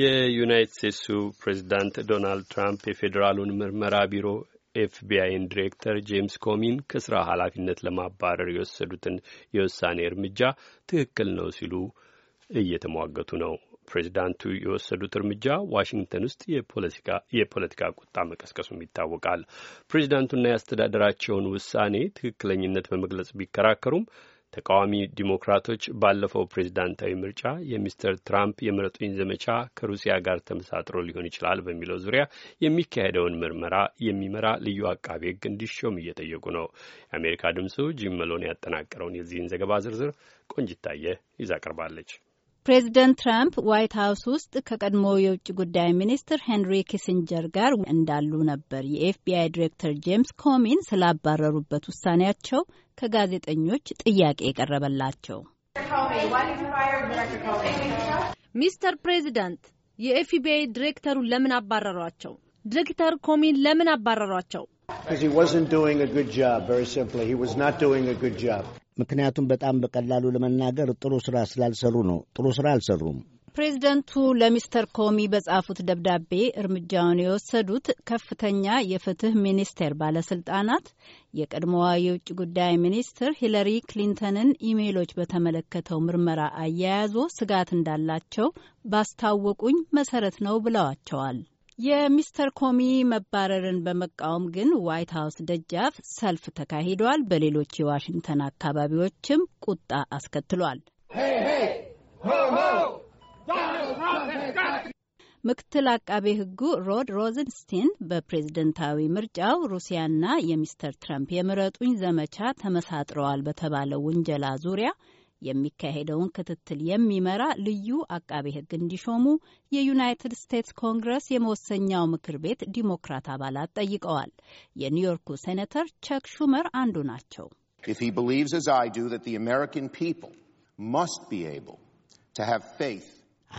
የዩናይትድ ስቴትሱ ፕሬዚዳንት ዶናልድ ትራምፕ የፌዴራሉን ምርመራ ቢሮ ኤፍቢአይን ዲሬክተር ጄምስ ኮሚን ከስራ ኃላፊነት ለማባረር የወሰዱትን የውሳኔ እርምጃ ትክክል ነው ሲሉ እየተሟገቱ ነው። ፕሬዚዳንቱ የወሰዱት እርምጃ ዋሽንግተን ውስጥ የፖለቲካ ቁጣ መቀስቀሱም ይታወቃል። ፕሬዚዳንቱና የአስተዳደራቸውን ውሳኔ ትክክለኝነት በመግለጽ ቢከራከሩም ተቃዋሚ ዲሞክራቶች ባለፈው ፕሬዝዳንታዊ ምርጫ የሚስተር ትራምፕ የምረጡኝ ዘመቻ ከሩሲያ ጋር ተመሳጥሮ ሊሆን ይችላል በሚለው ዙሪያ የሚካሄደውን ምርመራ የሚመራ ልዩ አቃቤ ሕግ እንዲሾም እየጠየቁ ነው። የአሜሪካ ድምፁ ጂም መሎን ያጠናቀረውን የዚህን ዘገባ ዝርዝር ቆንጅታየ ይዛ ቀርባለች። ፕሬዚደንት ትራምፕ ዋይት ሀውስ ውስጥ ከቀድሞ የውጭ ጉዳይ ሚኒስትር ሄንሪ ኪሲንጀር ጋር እንዳሉ ነበር የኤፍቢአይ ዲሬክተር ጄምስ ኮሚን ስላባረሩበት ውሳኔያቸው ከጋዜጠኞች ጥያቄ የቀረበላቸው። ሚስተር ፕሬዚዳንት የኤፍቢአይ ዲሬክተሩን ለምን አባረሯቸው? ዲሬክተር ኮሚን ለምን አባረሯቸው? ምክንያቱም በጣም በቀላሉ ለመናገር ጥሩ ስራ ስላልሰሩ ነው። ጥሩ ስራ አልሰሩም። ፕሬዝደንቱ ለሚስተር ኮሚ በጻፉት ደብዳቤ እርምጃውን የወሰዱት ከፍተኛ የፍትህ ሚኒስቴር ባለስልጣናት የቀድሞዋ የውጭ ጉዳይ ሚኒስትር ሂለሪ ክሊንተንን ኢሜሎች በተመለከተው ምርመራ አያያዞ ስጋት እንዳላቸው ባስታወቁኝ መሰረት ነው ብለዋቸዋል። የሚስተር ኮሚ መባረርን በመቃወም ግን ዋይት ሀውስ ደጃፍ ሰልፍ ተካሂዷል። በሌሎች የዋሽንግተን አካባቢዎችም ቁጣ አስከትሏል። ምክትል አቃቤ ሕጉ ሮድ ሮዘንስቲን በፕሬዝደንታዊ ምርጫው ሩሲያና የሚስተር ትራምፕ የምረጡኝ ዘመቻ ተመሳጥረዋል በተባለው ውንጀላ ዙሪያ የሚካሄደውን ክትትል የሚመራ ልዩ አቃቤ ሕግ እንዲሾሙ የዩናይትድ ስቴትስ ኮንግረስ የመወሰኛው ምክር ቤት ዲሞክራት አባላት ጠይቀዋል። የኒውዮርኩ ሴኔተር ቸክ ሹመር አንዱ ናቸው። ስ he believes as i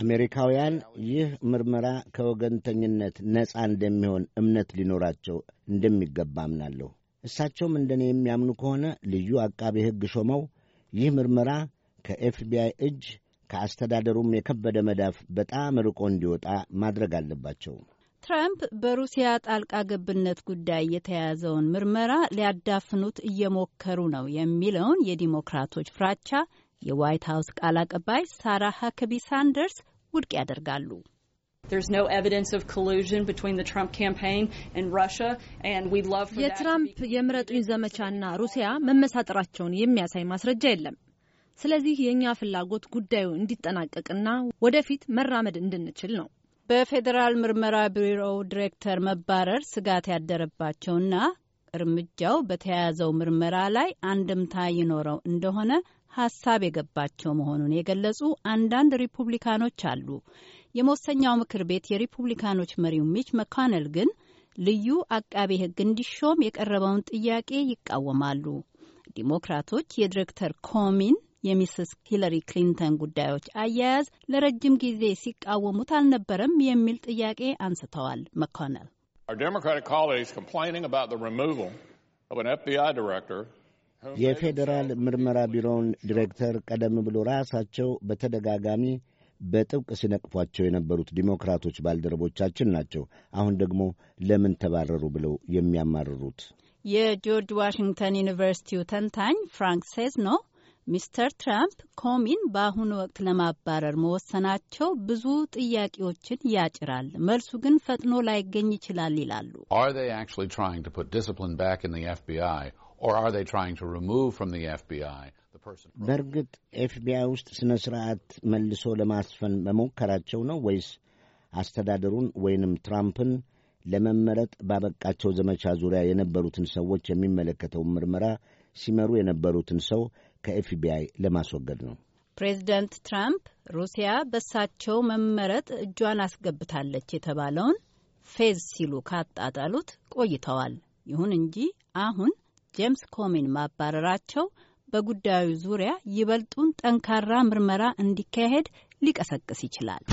አሜሪካውያን ይህ ምርመራ ከወገንተኝነት ነፃ እንደሚሆን እምነት ሊኖራቸው እንደሚገባ አምናለሁ። እሳቸውም እንደኔ የሚያምኑ ከሆነ ልዩ አቃቤ ሕግ ሾመው ይህ ምርመራ ከኤፍቢአይ እጅ ከአስተዳደሩም የከበደ መዳፍ በጣም ርቆ እንዲወጣ ማድረግ አለባቸው። ትራምፕ በሩሲያ ጣልቃ ገብነት ጉዳይ የተያዘውን ምርመራ ሊያዳፍኑት እየሞከሩ ነው የሚለውን የዲሞክራቶች ፍራቻ የዋይት ሀውስ ቃል አቀባይ ሳራ ሀከቢ ሳንደርስ ውድቅ ያደርጋሉ። የትራምፕ የምረጡኝ ዘመቻና ሩሲያ መመሳጠራቸውን የሚያሳይ ማስረጃ የለም። ስለዚህ የእኛ ፍላጎት ጉዳዩ እንዲጠናቀቅና ወደፊት መራመድ እንድንችል ነው። በፌዴራል ምርመራ ቢሮ ዲሬክተር መባረር ስጋት ያደረባቸውና እርምጃው በተያያዘው ምርመራ ላይ አንድምታ ይኖረው እንደሆነ ሀሳብ የገባቸው መሆኑን የገለጹ አንዳንድ ሪፑብሊካኖች አሉ። የመወሰኛው ምክር ቤት የሪፑብሊካኖች መሪው ሚች መካነል ግን ልዩ አቃቤ ሕግ እንዲሾም የቀረበውን ጥያቄ ይቃወማሉ። ዲሞክራቶች የዲሬክተር ኮሚን የሚስስ ሂለሪ ክሊንተን ጉዳዮች አያያዝ ለረጅም ጊዜ ሲቃወሙት አልነበረም የሚል ጥያቄ አንስተዋል። መኮነል የፌዴራል ምርመራ ቢሮውን ዲሬክተር ቀደም ብሎ ራሳቸው በተደጋጋሚ በጥብቅ ሲነቅፏቸው የነበሩት ዲሞክራቶች ባልደረቦቻችን ናቸው። አሁን ደግሞ ለምን ተባረሩ ብለው የሚያማርሩት የጆርጅ ዋሽንግተን ዩኒቨርሲቲው ተንታኝ ፍራንክ ሴዝኖ ሚስተር ትራምፕ ኮሚን በአሁኑ ወቅት ለማባረር መወሰናቸው ብዙ ጥያቄዎችን ያጭራል፣ መልሱ ግን ፈጥኖ ላይገኝ ይችላል ይላሉ። በእርግጥ ኤፍቢአይ ውስጥ ሥነ ሥርዓት መልሶ ለማስፈን በመሞከራቸው ነው ወይስ አስተዳደሩን ወይንም ትራምፕን ለመመረጥ ባበቃቸው ዘመቻ ዙሪያ የነበሩትን ሰዎች የሚመለከተውን ምርመራ ሲመሩ የነበሩትን ሰው ከኤፍቢአይ ለማስወገድ ነው? ፕሬዚደንት ትራምፕ ሩሲያ በሳቸው መመረጥ እጇን አስገብታለች የተባለውን ፌዝ ሲሉ ካጣጣሉት ቆይተዋል። ይሁን እንጂ አሁን ጄምስ ኮሚን ማባረራቸው በጉዳዩ ዙሪያ ይበልጡን ጠንካራ ምርመራ እንዲካሄድ ሊቀሰቅስ ይችላል።